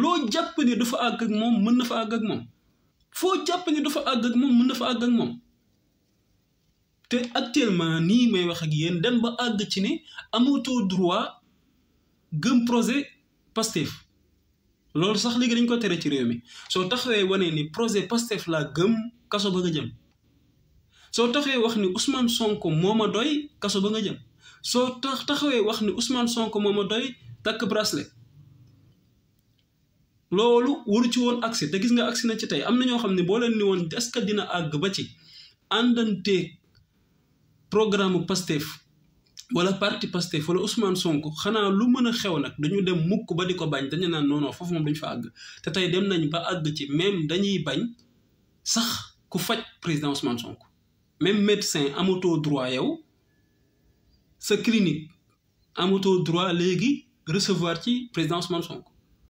loo jàpp ne dafa àgg ak moom mën na fa àgg ak moom foo jàpp ne dafa àgg moom mën na fa àgg moom te actuellement nii may wax ak yéen dem ba àgg ci ne amatoo droit gëm projet Pastef loolu sax léegi dañ ko tere ci réew mi soo taxawee wane ni projet Pastef laa gëm kaso ba nga jëm soo taxawee wax ni Ousmane Sonko moo ma doy kaso ba nga jëm soo tax taxawee wax ni Ousmane Sonko moo ma doy takk bracelet loolu waru ci woon agsi te gis nga agsi na ci tey am na ñoo xam ne boo leen ni woon est-ce que dina àgg ba ci àndanteeg programme Pastef wala parti Pastef wala Ousmane sonk xanaa lu mën a xew nag dañu dem mukk ba di ko bañ dañu naan non non foofu moom dañu fa àgg te tey dem nañ ba àgg ci même dañuy bañ sax ku faj président Ousmane sonk même médecin amatoo droit yow sa clinique amatoo droit léegi recevoir ci président Ousmane Sonko.